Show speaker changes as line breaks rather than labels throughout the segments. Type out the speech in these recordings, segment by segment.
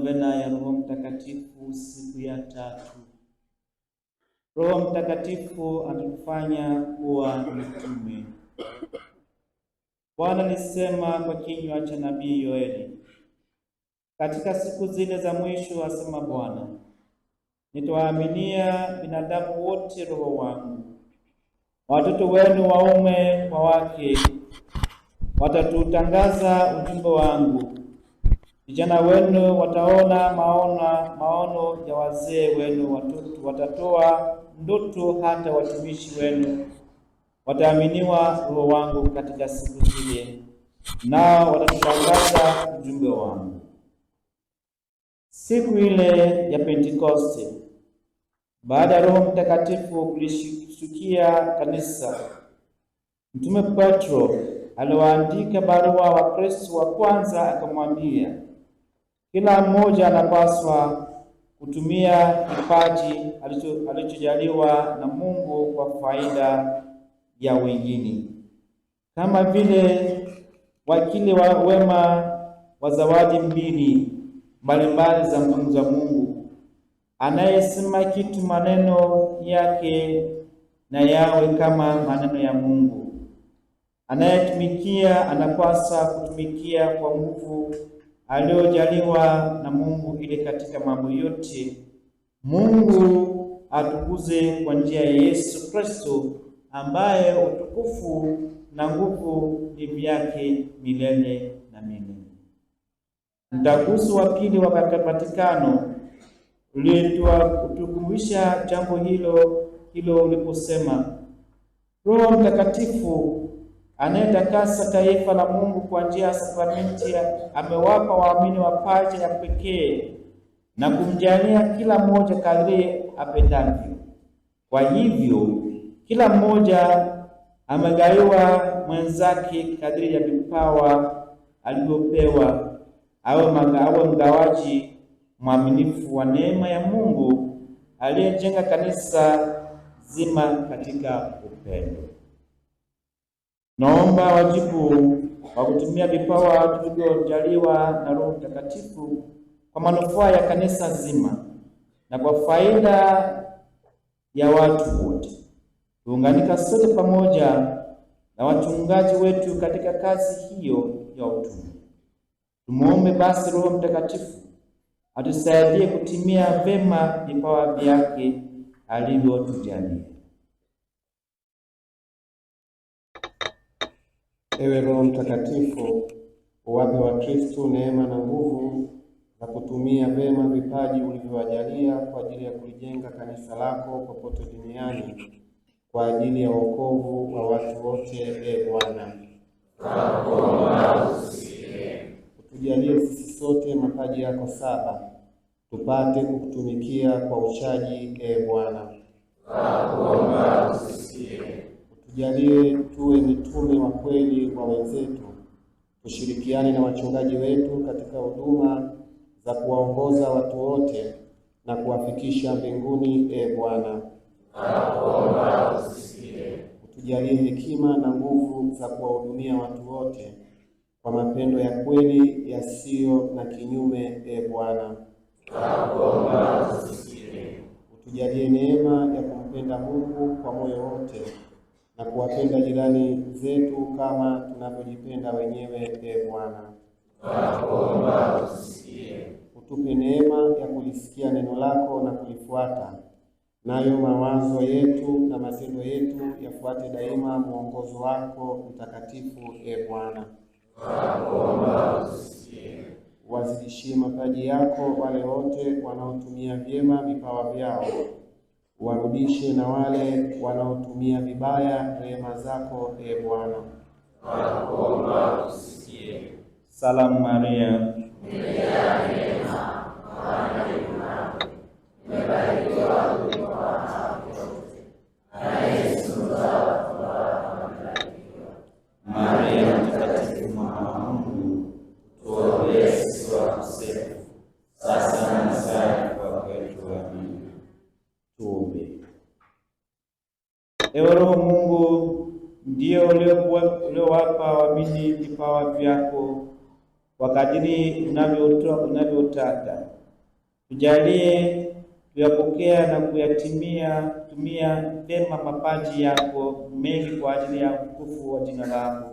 Novena ya Roho Mtakatifu, siku ya tatu. Roho Mtakatifu anatufanya kuwa mitume. Bwana alisema kwa kinywa cha nabii Yoeli, katika siku zile za mwisho, asema Bwana, nitawaaminia binadamu wote roho wangu, watoto wenu waume kwa wake watatutangaza ujumbe wangu Vijana wenu wataona maona maono ya wazee wenu, watoto watatoa ndoto, hata watumishi wenu wataaminiwa roho wangu katika siku zile, nao watatangaza ujumbe wangu. Siku ile ya Pentekoste, baada ya Roho Mtakatifu kulishukia kanisa, Mtume Petro aliwaandika barua wa Kristo wa kwanza, akamwambia kila mmoja anapaswa kutumia kipaji alichojaliwa na Mungu kwa faida ya wengine, kama vile wakili wa wema wa zawadi mbili mbalimbali za Mungu, anayesema kitu maneno yake na yawe kama maneno ya Mungu. Anayetumikia anapasa kutumikia kwa nguvu aliyojaliwa na Mungu ili katika mambo yote Mungu atukuze kwa njia ya Yesu Kristo ambaye utukufu na nguvu ni vyake milele na milele. Mtaguso wa Pili wa Vatikano ulitukumbusha jambo hilo hilo uliposema, Roho Mtakatifu anayetakasa taifa la Mungu kwa njia ya sakramenti amewapa waamini mapacha ya pekee na kumjalia kila mmoja kadri apendavyo. Kwa hivyo kila mmoja amegawiwa mwenzake kadri ya vipawa alivyopewa, awe mgawaji mwaminifu wa neema ya Mungu aliyejenga kanisa zima katika upendo. Naomba wajibu wa kutumia vipawa tulivyojaliwa na Roho Mtakatifu kwa manufaa ya kanisa zima na kwa faida ya watu wote. Tuunganika sote pamoja na wachungaji wetu katika kazi hiyo ya utume. Tumuombe basi Roho Mtakatifu atusaidie kutimia vema vipawa vyake alivyotujalia. Ewe Roho Mtakatifu, uwape wa Kristo neema na nguvu za kutumia vema vipaji ulivyowajalia kwa ajili ya kulijenga kanisa lako popote duniani kwa ajili ya wokovu wa watu wote. E Bwana, utujalie sisi sote mapaji yako saba tupate kukutumikia kwa uchaji. E Bwana,
tunakuomba usikie
Tujalie tuwe mitume wa kweli wa wenzetu, tushirikiane na wachungaji wetu katika huduma za kuwaongoza watu wote na kuwafikisha mbinguni. E Bwana,
nakuomba usikie. Utujalie
hekima na nguvu za kuwahudumia watu wote kwa mapendo ya kweli yasiyo na kinyume. E Bwana,
nakuomba usikie.
Utujalie neema ya kumpenda Mungu kwa moyo wote na kuwapenda jirani zetu kama tunavyojipenda wenyewe. E Bwana,
tunakuomba usikie,
utupe neema ya kulisikia neno lako na kulifuata, nayo mawazo yetu na matendo yetu yafuate daima mwongozo wako mtakatifu. E Bwana,
tunakuomba usikie,
Wazidishie mapaji yako wale wote wanaotumia vyema vipawa vyao warudishe na wale wanaotumia vibaya rehema zako, e Bwana.
Tunakuomba usikie.
Salamu Maria Ewe Roho Mungu, ndio uliowapa waamini vipawa vyako kwa kadiri unavyotaka. Tujalie tuyapokea na kuyatimia tumia vyema mapaji yako mengi kwa ajili ya utukufu wa jina lako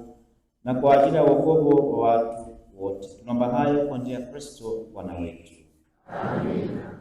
na kwa ajili ya wokovu wa watu wote. Tunaomba hayo kwa njia ya Kristo Bwana wetu.
Amina.